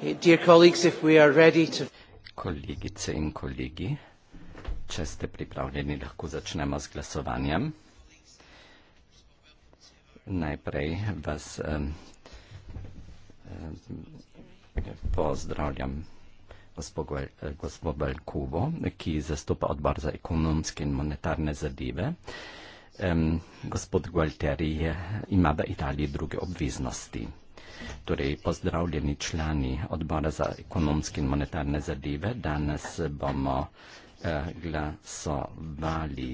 Eh, Kolegice in kolegi, če ste pripravljeni, lahko začnemo z glasovanjem. Najprej vas pozdravljam gospod Balkubo, ki zastopa odbor za ekonomske in monetarne zadeve. Gospod Gualteri ima v Italiji druge obveznosti. Torej, pozdravljeni člani odbora za ekonomske in monetarne zadeve. Danes bomo eh, glasovali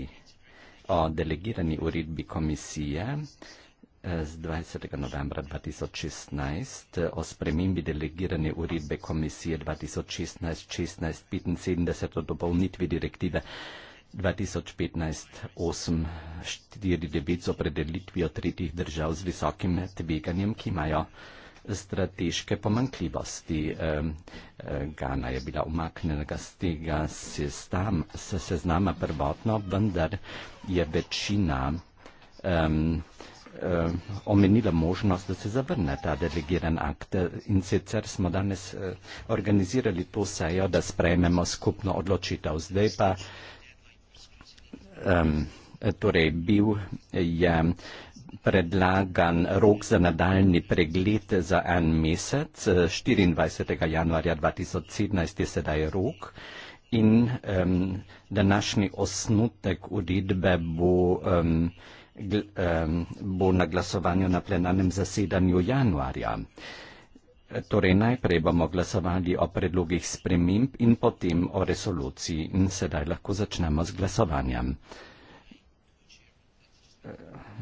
o delegirani uredbi komisije eh, z 20. novembra 2016 o spremembi delegirane uredbe komisije 2016-1675 o dopolnitvi direktive 2015-849 z opredelitvijo tretjih držav z visokim tveganjem, ki imajo strateške pomankljivosti. Gana je bila umaknjena z tega sestam, se seznama prvotno, vendar je večina um, omenila možnost, da se zavrne ta delegiran akt. In sicer smo danes eh, organizirali to sejo, da sprejmemo skupno odločitev. Zdaj pa um, torej bil je predlagan rok za nadaljni pregled za en mesec, 24. januarja 2017 je sedaj rok in um, današnji osnutek uredbe bo, um, gl, um, bo na glasovanju na plenarnem zasedanju januarja. Uh, Torej, najprej bomo glasovali o predlogih sprememb in potem o resoluciji in sedaj lahko začnemo z glasovanjem.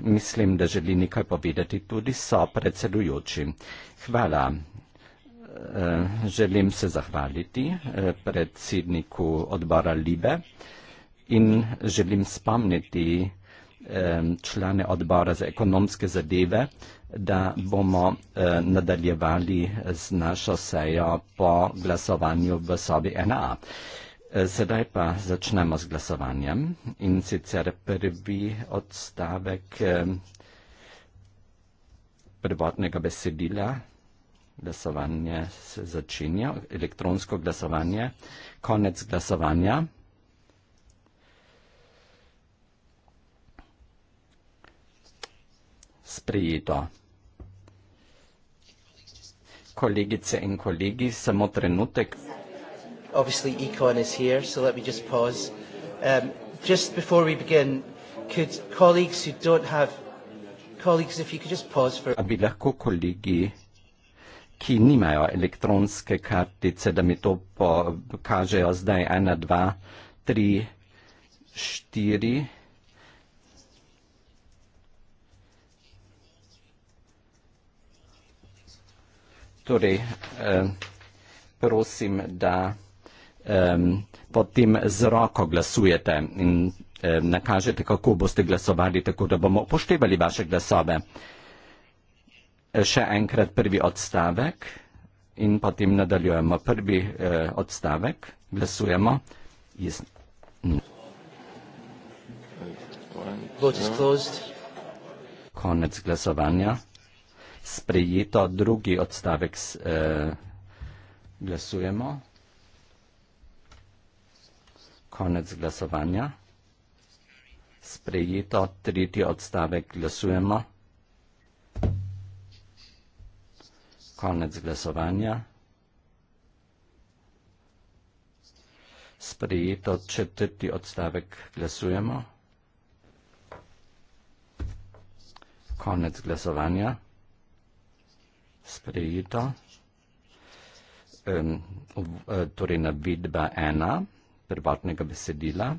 Mislim, da želi nekaj povedati tudi so predsedujoči. Hvala. Eh, želim se zahvaliti eh, predsedniku odbora Libe in želim spomniti, člane odbora za ekonomske zadeve, da bomo nadaljevali z našo sejo po glasovanju v sobi 1A. E, sedaj pa začnemo z glasovanjem in sicer prvi odstavek prvotnega besedila. Glasovanje se začenja, elektronsko glasovanje, konec glasovanja. sprejeto. Kolegice in kolegi, samo trenutek. Obviously, Econ is here, so let me just pause. Um, just before we begin, could colleagues who don't have colleagues, if you could just pause for. Abi lahko kolegi, ki nimajo elektronske kartice, da mi to pokažejo zdaj ena, dva, tri, štiri. torej eh, prosim, da pod tem z roko glasujete in nakažete, kako boste glasovali, tako da bomo upoštevali vaše glasove. Še enkrat prvi odstavek in potem nadaljujemo. Prvi eh, odstavek, glasujemo. Vote is closed. Konec glasovanja sprejeto. Drugi odstavek eh, glasujemo. Konec glasovanja. Sprejeto. Tretji odstavek glasujemo. Konec glasovanja. Sprejeto. Četrti odstavek glasujemo. Konec glasovanja sprejeto. E, torej navidba ena prvotnega besedila,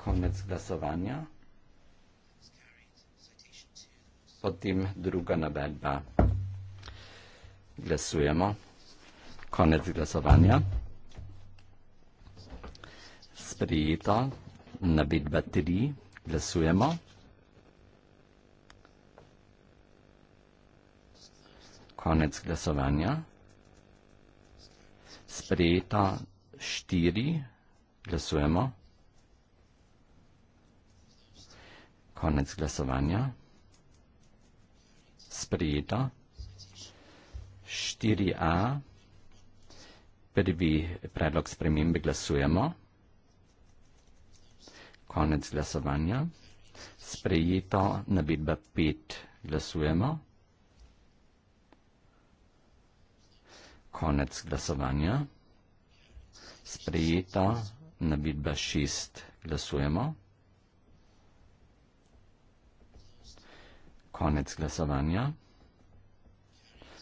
konec glasovanja, potem druga navedba. Glasujemo, konec glasovanja, sprejeto navidba tri, glasujemo. konec glasovanja. Sprejeta štiri, glasujemo. Konec glasovanja. Sprejeta štiri A, prvi predlog spremembe glasujemo. Konec glasovanja. Sprejeto navedba 5 glasujemo. konec glasovanja. Sprejeta nabitba šest. Glasujemo. Konec glasovanja.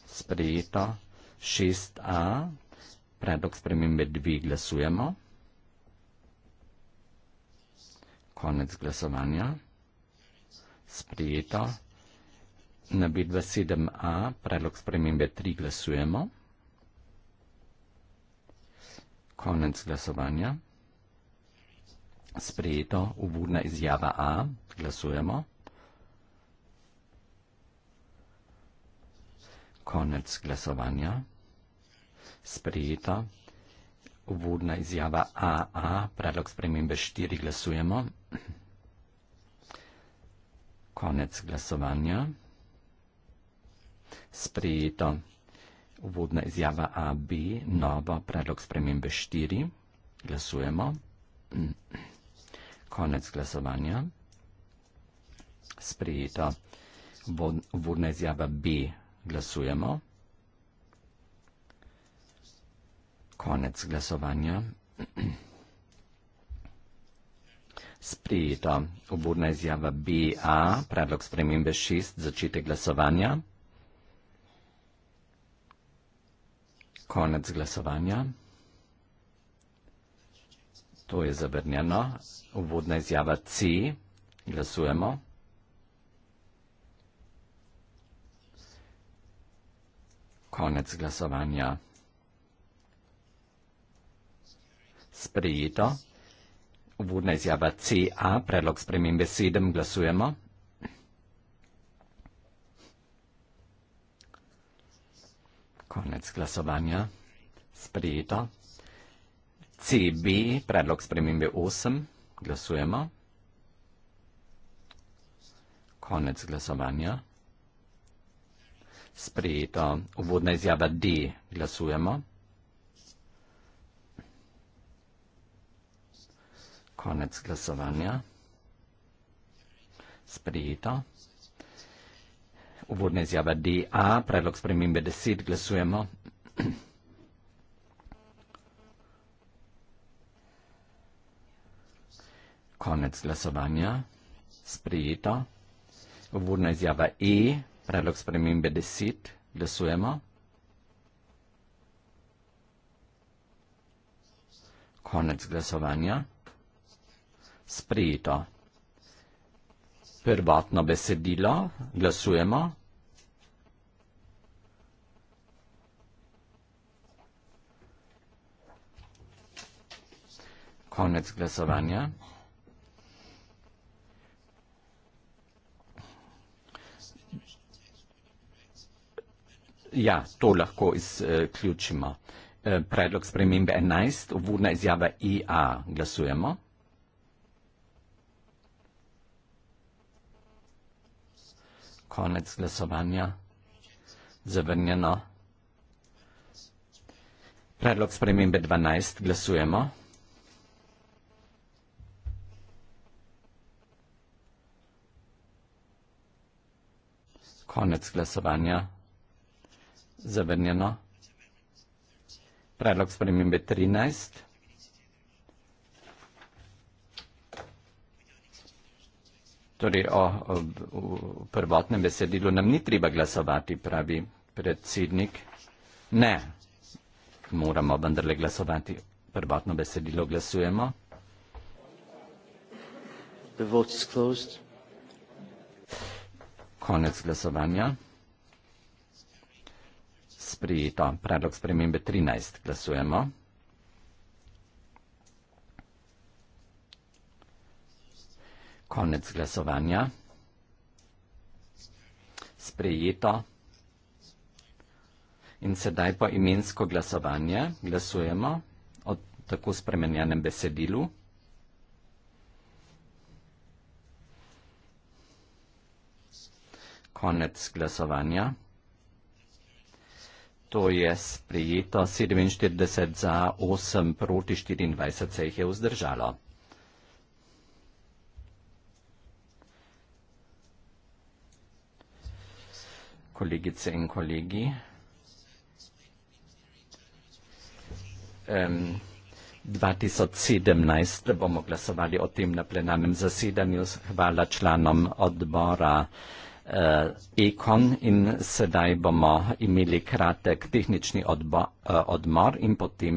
Sprejeta šest A. Predlog spremembe dvi. Glasujemo. Konec glasovanja. Sprejeta nabitba sedem A. Predlog spremembe tri. Glasujemo. Glasujemo. Konec glasovanja. Sprejeto uvodna izjava A. Glasujemo. Konec glasovanja. Sprejeta uvodna izjava AA. Predlog spremembe 4. Glasujemo. Konec glasovanja. Sprejeto. Uvodna izjava A, B, nova, predlog spremembe 4. Glasujemo. Konec glasovanja. Sprejeto. Uvodna izjava B. Glasujemo. Konec glasovanja. Sprejeto. Uvodna izjava B, A, predlog spremembe 6, začetek glasovanja. Konec glasovanja. To je zavrnjeno. Uvodna izjava C. Glasujemo. Konec glasovanja. Sprejeto. Uvodna izjava CA, predlog spremembe 7, glasujemo. konec glasovanja sprejeto. CB, predlog spremembe 8, glasujemo. Konec glasovanja. Sprejeto. Uvodna izjava D, glasujemo. Konec glasovanja. Sprejeto uvodne izjave DA, predlog spremembe 10, glasujemo. Konec glasovanja, sprejeto. Uvodna izjava E, predlog spremembe 10, glasujemo. Konec glasovanja, sprejeto prvotno besedilo, glasujemo. Konec glasovanja. Ja, to lahko izključimo. Eh, predlog spremembe 11, uvodna izjava IA, glasujemo. konec glasovanja zavrnjeno. Predlog spremembe 12 glasujemo. Konec glasovanja zavrnjeno. Predlog spremembe 13 glasujemo. Torej, o, o, o prvotnem besedilu nam ni treba glasovati, pravi predsednik. Ne, moramo vendarle glasovati. Prvotno besedilo glasujemo. Konec glasovanja. Sprijeto. Predlog spremembe 13. Glasujemo. Konec glasovanja. Sprejeto. In sedaj po imensko glasovanje glasujemo o tako spremenjenem besedilu. Konec glasovanja. To je sprejeto 47 za 8 proti 24 se jih je vzdržalo. kolegice in kolegi. Um, 2017 bomo glasovali o tem na plenarnem zasedanju. Hvala članom odbora uh, Ekon in sedaj bomo imeli kratek tehnični odbo, uh, odmor in potem.